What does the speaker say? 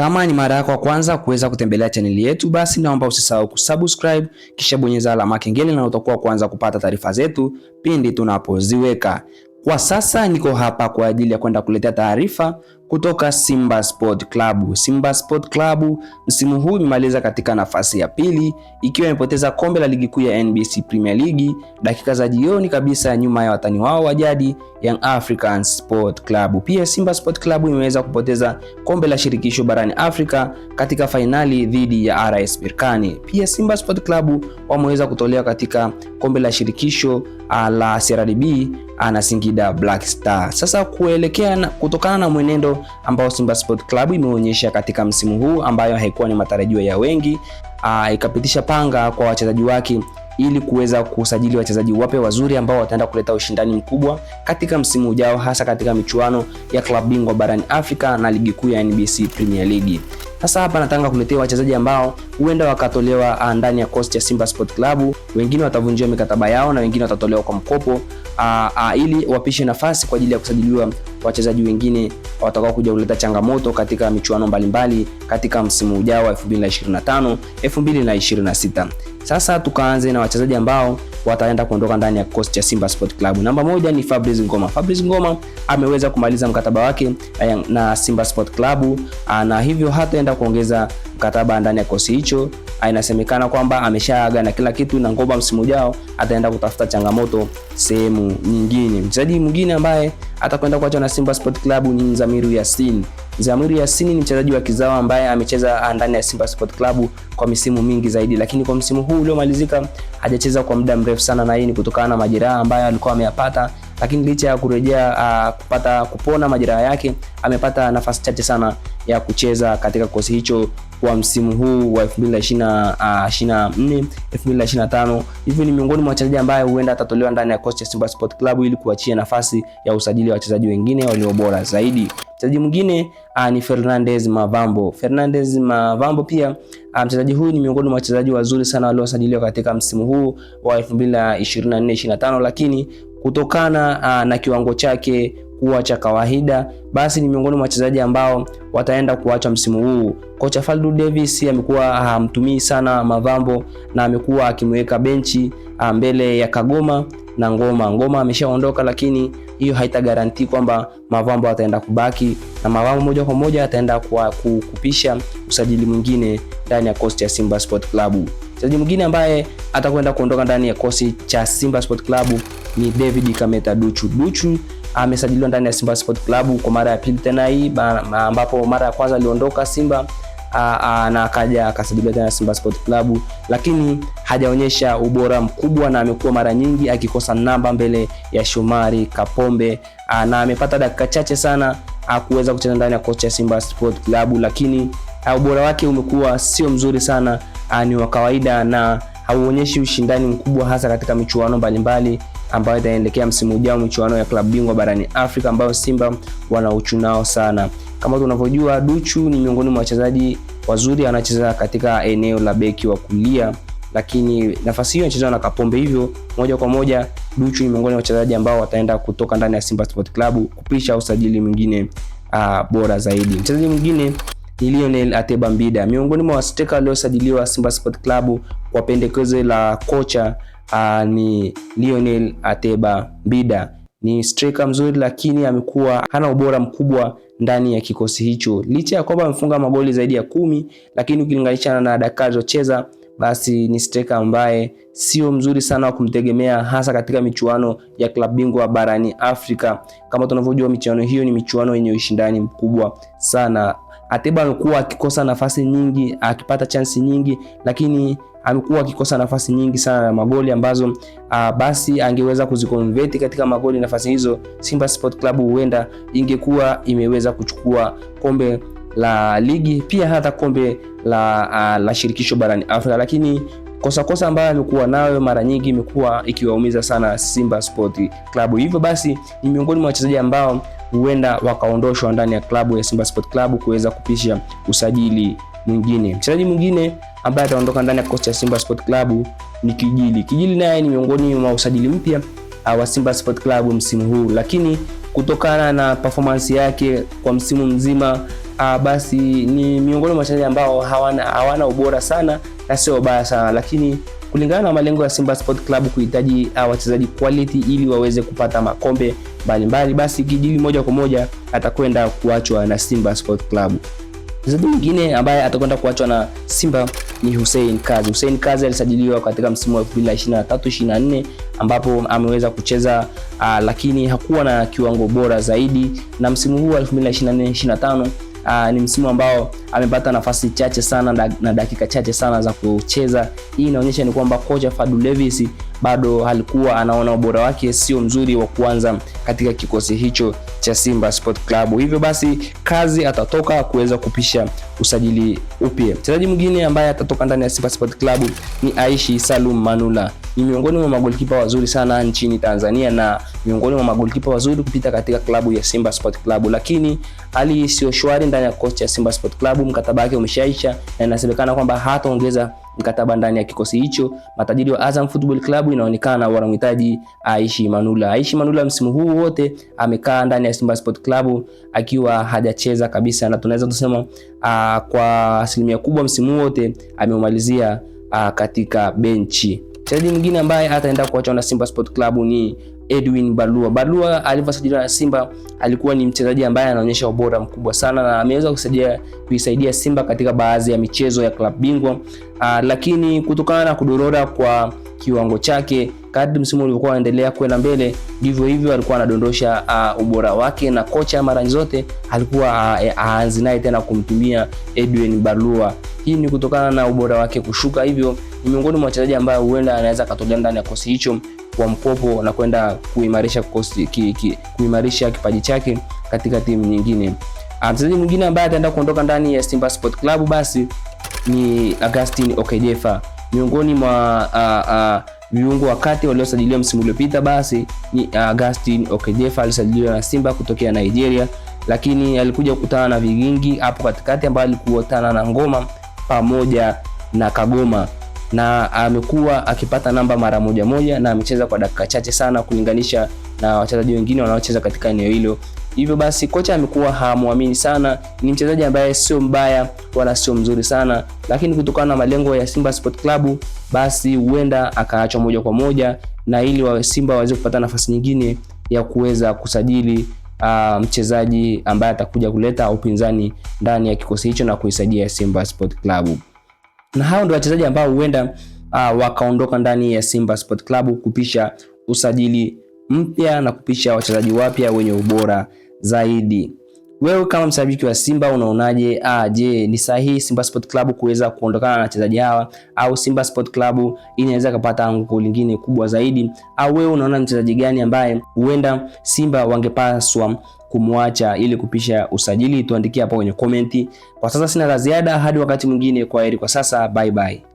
Kama ni mara yako ya kwanza kuweza kutembelea chaneli yetu, basi naomba usisahau kusubscribe kisha bonyeza alama kengele, na utakuwa kwanza kupata taarifa zetu pindi tunapoziweka. Kwa sasa niko hapa kwa ajili ya kwenda kuletea taarifa kutoka Simba Sport Club. Simba Sport Club msimu huu imemaliza katika nafasi ya pili ikiwa imepoteza kombe la ligi kuu ya NBC Premier League dakika za jioni kabisa nyuma ya watani wao wa jadi Young African Sport Club. Pia Simba Sport Club imeweza kupoteza kombe la shirikisho barani Afrika katika fainali dhidi ya RS Berkane. Pia Simba Sport Club wameweza kutolewa katika kombe la shirikisho la CRDB na Singida Black Star. Sasa kuelekea kutokana na mwenendo ambao Simba Sport Club imeonyesha katika msimu huu ambayo haikuwa ni matarajio ya wengi, uh, ikapitisha panga kwa wachezaji wake ili kuweza kusajili wachezaji wapya wazuri ambao wataenda kuleta ushindani mkubwa katika msimu ujao, hasa katika michuano ya klabu bingwa barani Afrika na ligi kuu ya NBC Premier League. Sasa hapa nataka kuletea wachezaji ambao huenda wakatolewa ah, ndani ya kosti ya Simba Sport Club. Wengine watavunjiwa mikataba yao na wengine watatolewa kwa mkopo a, ah, a, ili wapishe nafasi kwa ajili ya kusajiliwa wachezaji wengine watakao kuja kuleta changamoto katika michuano mbalimbali mbali, katika msimu ujao wa 2025 2026. Sasa tukaanze na wachezaji ambao wataenda kuondoka ndani ya kikosi cha Simba Sport Club. Namba moja ni Fabrice Ngoma. Fabrice Ngoma ameweza kumaliza mkataba wake eh, na Simba Sport Club ah, na hivyo hataenda kuongeza mkataba ndani ya kikosi hicho. Ah, inasemekana kwamba ameshaaga na kila kitu, na Ngoma msimu ujao ataenda kutafuta changamoto sehemu nyingine. Mchezaji mwingine ambaye atakwenda kuachwa na Simba Sport Club ni Zamiru Yasin. Zamiru Yasin ni mchezaji wa kizao ambaye amecheza ah, ndani ya Simba Sport Club kwa misimu mingi zaidi, lakini kwa msimu huu uliomalizika hajacheza kwa muda mrefu sana, na hii ni kutokana na majeraha ambayo alikuwa ameyapata, lakini licha ya kurejea uh, kupata kupona majeraha yake, amepata nafasi chache sana ya kucheza katika kikosi hicho kwa msimu huu wa 2024 2025. Ah, Hivi ni miongoni mwa wachezaji ambaye huenda atatolewa ndani ya kikosi cha Simba Sport Club ili kuachia nafasi ya usajili wa wachezaji wengine walio bora zaidi. Mchezaji mwingine uh, ni Fernandez Mavambo. Fernandez Mavambo pia Ah, mchezaji huyu ni miongoni mwa wachezaji wazuri sana waliosajiliwa katika msimu huu wa 2024-2025 lakini kutokana uh, na kiwango chake kuwa cha kawaida basi ni miongoni mwa wachezaji ambao wataenda kuacha msimu huu. Kocha Faldu Davis amekuwa hamtumii ah, sana Mavambo na amekuwa akimweka benchi mbele ya Kagoma na Ngoma. Ngoma ameshaondoka lakini hiyo haitagarantii kwamba Mavambo ataenda kubaki na Mavambo moja kwa moja ataenda kwa kupisha usajili mwingine ndani ya kosti ya Simba Sport Club. Mchezaji mwingine ambaye atakwenda kuondoka ndani ya kosi cha Simba Sport Club ni David Kameta Duchu. Duchu amesajiliwa ndani ya Simba Sport Club kwa mara ya pili tena hii, ambapo mara ya kwanza aliondoka Simba na akaja akasajiliwa na Simba Sport Club, lakini hajaonyesha ubora mkubwa na amekuwa mara nyingi akikosa namba mbele ya Shomari Kapombe aa, na amepata dakika chache sana kuweza kucheza ndani ya kocha ya Simba Sport Club, lakini ubora wake umekuwa sio mzuri sana, ni wa kawaida na hauonyeshi ushindani mkubwa hasa katika michuano mbalimbali ambayo itaelekea msimu ujao, michuano ya klabu bingwa barani Afrika ambayo Simba wanauchunao nao sana. Kama tunavyojua, Duchu ni miongoni mwa wachezaji wazuri, anacheza katika eneo la beki wa kulia, lakini nafasi hiyo anachezwa na Kapombe, hivyo moja kwa moja Duchu ni miongoni mwa wachezaji ambao wataenda kutoka ndani ya Simba Sport Club kupisha usajili mwingine uh, bora zaidi. Mchezaji mwingine ni Lionel Ateba Mbida, miongoni mwa wasteka waliosajiliwa Simba Sport Club kwa pendekezo la kocha uh, ni Lionel Ateba Mbida ni striker mzuri, lakini amekuwa hana ubora mkubwa ndani ya kikosi hicho, licha ya kwamba amefunga magoli zaidi ya kumi, lakini ukilinganisha na dakika alizocheza basi ni striker ambaye sio mzuri sana wa kumtegemea hasa katika michuano ya klabu bingwa barani Afrika. Kama tunavyojua michuano hiyo ni michuano yenye ushindani mkubwa sana. Ateba amekuwa akikosa nafasi nyingi, akipata chansi nyingi, lakini amekuwa akikosa nafasi nyingi sana ya magoli ambazo uh, basi angeweza kuziconvert katika magoli. Nafasi hizo Simba Sport Club huenda ingekuwa imeweza kuchukua kombe la ligi pia hata kombe la, uh, la shirikisho barani Afrika, lakini kosa kosa ambayo amekuwa nayo mara nyingi imekuwa ikiwaumiza sana Simba Sport Club. Hivyo basi ni miongoni mwa wachezaji ambao huenda wakaondoshwa ndani ya klabu ya Simba Sport Club kuweza kupisha usajili mwingine. Mchezaji mwingine ambaye ataondoka ndani ya kikosi cha Simba Sport Club ni Kijili. Kijili naye ni miongoni mwa usajili mpya uh, wa Simba Sport Club msimu huu, lakini kutokana na performance yake kwa msimu mzima Uh, basi ni miongoni mwa wachezaji ambao hawana, hawana ubora sana na sio baya sana, lakini kulingana na malengo ya Simba Sport Club kuhitaji uh, wachezaji quality ili waweze kupata makombe mbalimbali, basi Kijili moja kwa moja atakwenda kuachwa na Simba Sport Club. Mchezaji mwingine ambaye atakwenda kuachwa na Simba ni Hussein Kazi. Hussein Kazi alisajiliwa katika msimu wa 2023 24 ambapo ameweza kucheza uh, lakini hakuwa na kiwango bora zaidi, na msimu huu 2024 25 Uh, ni msimu ambao amepata nafasi chache sana na, na dakika chache sana za kucheza. Hii inaonyesha ni kwamba kocha Fadu Levis bado alikuwa anaona ubora wake sio mzuri wa kuanza katika kikosi hicho cha Simba Sport Club. Hivyo basi kazi atatoka kuweza kupisha usajili upya. Mchezaji mwingine ambaye atatoka ndani ya Simba Sport Club ni Aishi Salum Manula. Ni miongoni mwa magolikipa wazuri sana nchini Tanzania na miongoni mwa magolikipa wazuri kupita katika klabu ya Simba Sport Club, lakini hali sio shwari ndani ya kocha ya Simba Sport Club. Mkataba wake umeshaisha na inasemekana kwamba hataongeza mkataba ndani ya kikosi hicho. Matajiri wa Azam Football Club inaonekana wanamhitaji Aishi Manula. Aishi Manula msimu huu wote amekaa ndani ya Simba Sport Club akiwa hajacheza kabisa na tunaweza tusema uh, ah, Ah, kwa asilimia kubwa msimu wote ameumalizia uh, katika benchi. Mchezaji mwingine ambaye ataenda kuachwa na Simba Sport Club ni Edwin Balua. Balua alivyosajiliwa na Simba alikuwa ni mchezaji ambaye anaonyesha ubora mkubwa sana na ameweza kusaidia kuisaidia Simba katika baadhi ya michezo ya klabu bingwa, ah, lakini kutokana na kudorora kwa kiwango chake kadri msimu ulivyokuwa unaendelea kwenda mbele ndivyo hivyo alikuwa anadondosha uh, ubora wake, na kocha mara zote alikuwa e, aanzi uh, uh, naye tena kumtumia Edwin Barua. Hii ni kutokana na ubora wake kushuka, hivyo ni miongoni mwa wachezaji ambao huenda anaweza akatolea ndani ya kosi hicho kwa mkopo na kwenda kuimarisha kosi, ki, ki, kuimarisha kipaji chake katika timu nyingine. Mchezaji mwingine ambaye ataenda kuondoka ndani ya Simba Sport Club basi ni Augustine Okejefa miongoni mwa uh, uh, Viungo wa kati waliosajiliwa msimu uliopita basi ni uh, Augustine Okedefa alisajiliwa na Simba kutokea Nigeria, lakini alikuja kukutana na Vigingi hapo katikati ambaye alikutana na Ngoma pamoja na Kagoma na amekuwa akipata namba mara moja moja na amecheza kwa dakika chache sana kulinganisha na wachezaji wengine wanaocheza katika eneo hilo Hivyo basi kocha amekuwa hamwamini sana, ni mchezaji ambaye sio mbaya wala sio mzuri sana, lakini kutokana na malengo ya Simba Sport Club basi huenda akaachwa moja kwa moja, na ili wa Simba waweze kupata nafasi nyingine ya kuweza kusajili uh, mchezaji ambaye atakuja kuleta upinzani ndani ya kikosi hicho na kuisaidia Simba Sport Club. Na hao ndio wachezaji ambao huenda uh, wakaondoka ndani ya Simba Sport Club kupisha usajili mpya na kupisha wachezaji wapya wenye ubora zaidi. Wewe kama mshabiki wa Simba unaonaje? Ah, je, ni sahihi Simba Sport Club kuweza kuondokana na wachezaji hawa au Simba Sport Club inaweza kupata anguko lingine kubwa zaidi? Au wewe unaona mchezaji gani ambaye huenda Simba wangepaswa kumwacha ili kupisha usajili? Tuandikie hapo kwenye komenti. Kwa sasa sina la ziada, hadi wakati mwingine. Kwaheri kwa sasa, bye bye.